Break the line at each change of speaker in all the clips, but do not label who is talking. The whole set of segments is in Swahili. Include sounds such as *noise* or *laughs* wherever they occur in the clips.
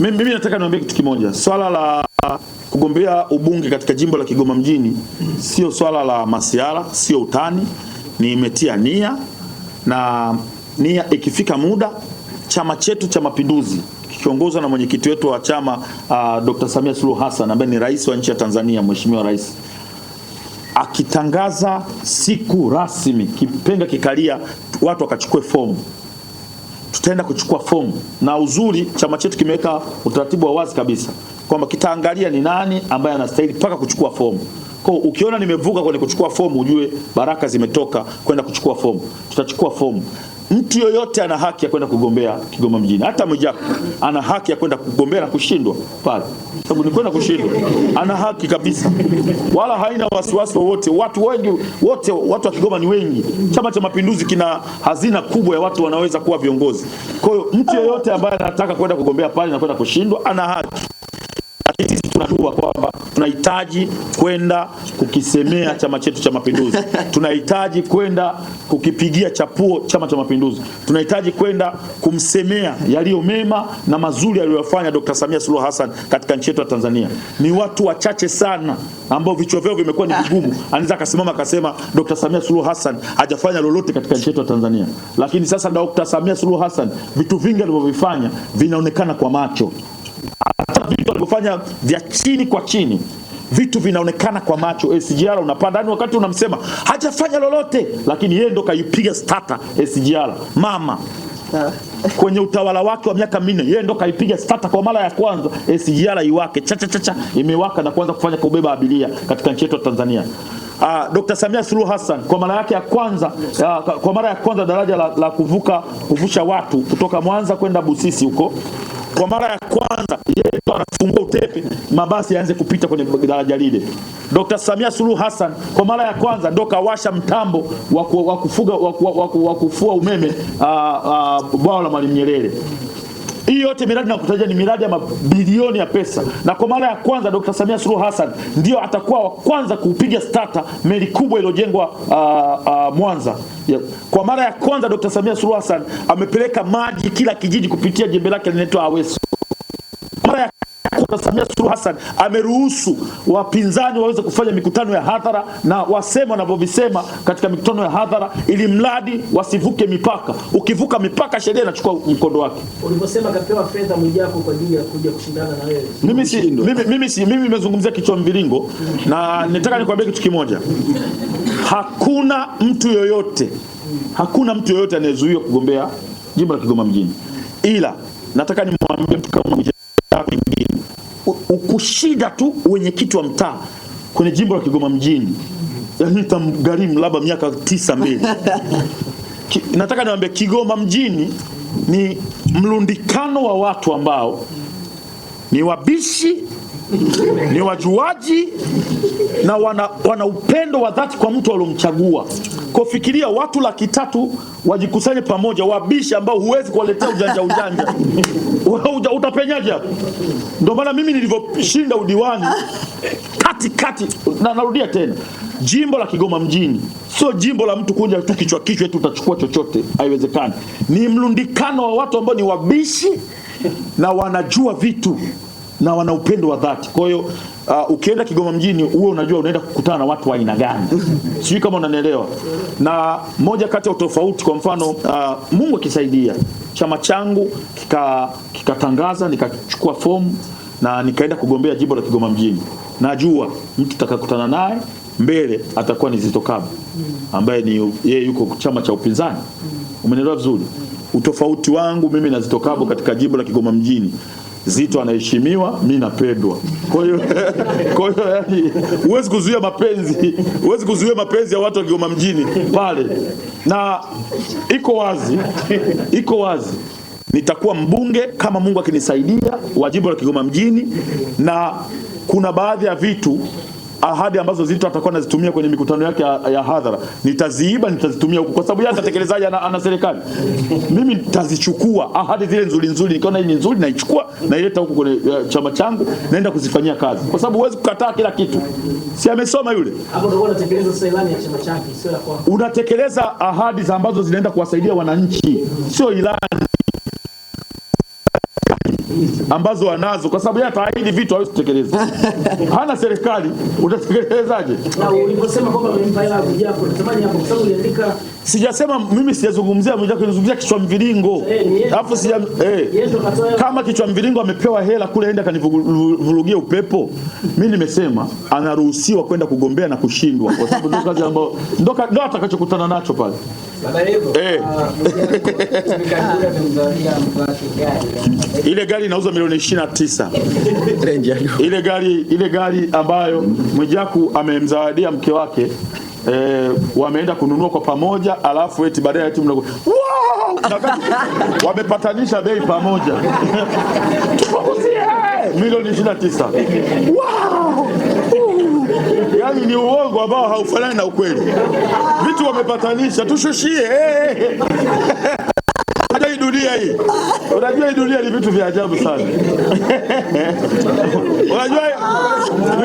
Mimi nataka niwaambie kitu kimoja, swala la kugombea ubunge katika jimbo la Kigoma mjini sio swala la masiara, sio utani. Nimetia nia na nia ikifika muda, chama chetu cha Mapinduzi kikiongozwa na mwenyekiti wetu wa chama uh, ah, Dr. Samia Suluhu Hassan ambaye ni rais wa nchi ya Tanzania, mheshimiwa rais akitangaza siku rasmi, kipenga kikalia, watu wakachukue fomu kitaenda kuchukua fomu, na uzuri chama chetu kimeweka utaratibu wa wazi kabisa kwamba kitaangalia ni nani ambaye anastahili mpaka kuchukua fomu. Kwa ukiona nimevuka kwenye kuchukua fomu, ujue baraka zimetoka kwenda kuchukua fomu. Tutachukua fomu Mtu yoyote ana haki ya kwenda kugombea Kigoma mjini, hata Mwijaku ana haki ya kwenda kugombea na kushindwa pale, sababu ni kwenda kushindwa. Ana haki kabisa, wala haina wasiwasi wowote. Watu wengi wote, watu wa Kigoma ni wengi. Chama cha Mapinduzi kina hazina kubwa ya watu wanaweza kuwa viongozi. Kwa hiyo mtu yoyote ambaye anataka kwenda kugombea pale na kwenda kushindwa ana haki sisi tunajua kwamba tunahitaji kwenda kukisemea chama chetu cha Mapinduzi, tunahitaji kwenda kukipigia chapuo chama cha Mapinduzi, tunahitaji kwenda kumsemea yaliyo mema na mazuri aliyofanya Dr. Samia Suluhu Hassan katika nchi yetu ya Tanzania. Ni watu wachache sana ambao vichwa vyao vimekuwa ni vigumu, anaweza akasimama akasema Dr. Samia Suluhu Hassan hajafanya lolote katika nchi yetu ya Tanzania. Lakini sasa Dr. Samia Suluhu Hassan vitu vingi alivyovifanya vinaonekana kwa macho unavyofanya vya chini kwa chini vitu vinaonekana kwa macho. SGR unapanda ndani, wakati unamsema hajafanya lolote, lakini yeye ndo kaipiga starter SGR mama kwenye utawala wake wa miaka minne yeye ndo kaipiga starter kwa mara ya kwanza SGR iwake cha cha cha cha, imewaka na kuanza kufanya kubeba abiria katika nchi yetu ya Tanzania. Uh, ah, Dr. Samia Suluhu Hassan kwa mara yake ya kwanza uh, kwa mara ya kwanza daraja la, la kuvuka kuvusha watu kutoka Mwanza kwenda Busisi huko kwa mara ya kwanza yeye anafungua utepe, mabasi yaanze kupita kwenye daraja lile. Dr. Samia Suluhu Hassan kwa mara ya kwanza ndo kawasha mtambo wa kufuga wa kufua umeme ah, ah, bwawa la Mwalimu Nyerere. Hii yote miradi nakutajia ni miradi ya mabilioni ya pesa, na kwa mara ya kwanza Dr. Samia Suluhu Hassan ndio atakuwa wa kwanza kupiga starter meli kubwa iliyojengwa uh, uh, Mwanza. Kwa mara ya kwanza Dr. Samia Suluhu Hassan amepeleka maji kila kijiji kupitia jembe lake linaitwa Aweso. Dr. Samia Suluhu Hassan ameruhusu wapinzani waweze kufanya mikutano ya hadhara na waseme wanavyovisema katika mikutano ya hadhara, ili mradi wasivuke mipaka. Ukivuka mipaka, sheria inachukua mkondo wake.
Ulivyosema kapewa fedha Mwijaku kwa ajili ya kuja kushindana na wewe,
mimi si mimi mimi si mimi nimezungumzia kichwa mviringo, na nitaka nikwambie kitu kimoja. Hakuna mtu yoyote, hakuna mtu yoyote anayezuiwa kugombea jimbo la Kigoma mjini, ila nataka nimwambie mtu kama Mwijaku ukushida tu wenyekiti wa mtaa kwenye jimbo la Kigoma mjini, yani tamgarimu labda miaka tisa mbili Ki, nataka niwaambie Kigoma mjini ni mlundikano wa watu ambao ni wabishi ni wajuaji na wana, wana upendo wa dhati kwa mtu aliyomchagua. Kofikiria watu laki tatu wajikusanye pamoja, wabishi ambao huwezi kuwaletea ujanja ujanja *laughs* utapenyaje hapo? Ndio maana mimi nilivyoshinda udiwani kati kati, na narudia tena, jimbo la Kigoma mjini sio jimbo la mtu kuja tu kichwa kichwa tu utachukua chochote, haiwezekani. Ni mlundikano wa watu ambao ni wabishi na wanajua vitu na wana upendo wa dhati. Kwa hiyo uh, ukienda Kigoma mjini uwe unajua unaenda kukutana na watu wa aina gani, *laughs* sijui kama unanielewa. Na moja kati ya utofauti, kwa mfano uh, Mungu akisaidia chama changu kikatangaza, kika nikachukua fomu na nikaenda kugombea jimbo la Kigoma mjini, najua mtu takakutana naye mbele atakuwa ni Zitto Kabwe mm. ambaye ni yeye yuko chama cha upinzani. Mm. Umenielewa vizuri? Mm. Utofauti wangu mimi na Zitto Kabwe katika jimbo la Kigoma mjini Zito anaheshimiwa, mi napendwa. Kwa hiyo *laughs* kwa hiyo yani, huwezi kuzuia mapenzi, huwezi kuzuia mapenzi ya watu wa Kigoma mjini pale, na iko wazi, iko wazi nitakuwa mbunge kama Mungu akinisaidia wa jimbo la Kigoma mjini, na kuna baadhi ya vitu ahadi ambazo Zitto atakuwa anazitumia kwenye mikutano yake ya, ya hadhara nitaziiba, nitazitumia huko, kwa sababu yeye atatekelezaje? ana, ana serikali. Mimi nitazichukua ahadi zile nzuri nzuri, nikiona hii ni nzuri naichukua, naileta huko kwenye uh, chama changu, naenda kuzifanyia kazi, kwa sababu huwezi kukataa kila kitu, si amesoma yule.
Hapo ndio unatekeleza ilani ya chama chake, sio ya kwako.
Unatekeleza ahadi ambazo zinaenda kuwasaidia wananchi, sio ilani ambazo wanazo, kwa sababu yeye ataahidi vitu hawezi kutekeleza. *laughs* Hana serikali, utatekelezaje?
Na uliposema kwamba amempa hela Mwijaku, natamani hapo, kwa sababu uliandika
Sijasema mimi, sijazungumzia Mwijaku, nizungumzia kichwa mviringo. Eh, Alafu sija eh, kama kichwa mviringo amepewa hela kule, aenda kanivurugie upepo. Mimi nimesema anaruhusiwa kwenda kugombea na kushindwa, kwa sababu ndio kazi ambayo ndio atakachokutana nacho pale.
Eh.
Ah, ile gari inauzwa milioni 29. Ile gari ile gari ambayo Mwijaku amemzawadia mke wake E, wameenda kununua kwa pamoja, alafu eti baadaye eti mnago wamepatanisha bei pamoja milioni 29
wow!
yaani ni uongo ambao haufanani na ukweli wamepatanisha, tushushie hata eh, eh, eh. hii dunia hii. Unajua hii dunia ni vitu vya ajabu sana. *laughs* Unajua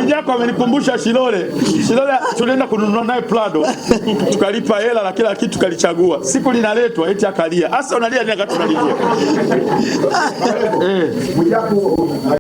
vijako amenikumbusha Shilole. Shilole tulienda kununua naye Prado. Tukalipa hela na kila kitu tukalichagua. Siku linaletwa eti akalia. Hasa unalia nini wakati unalia? Eh,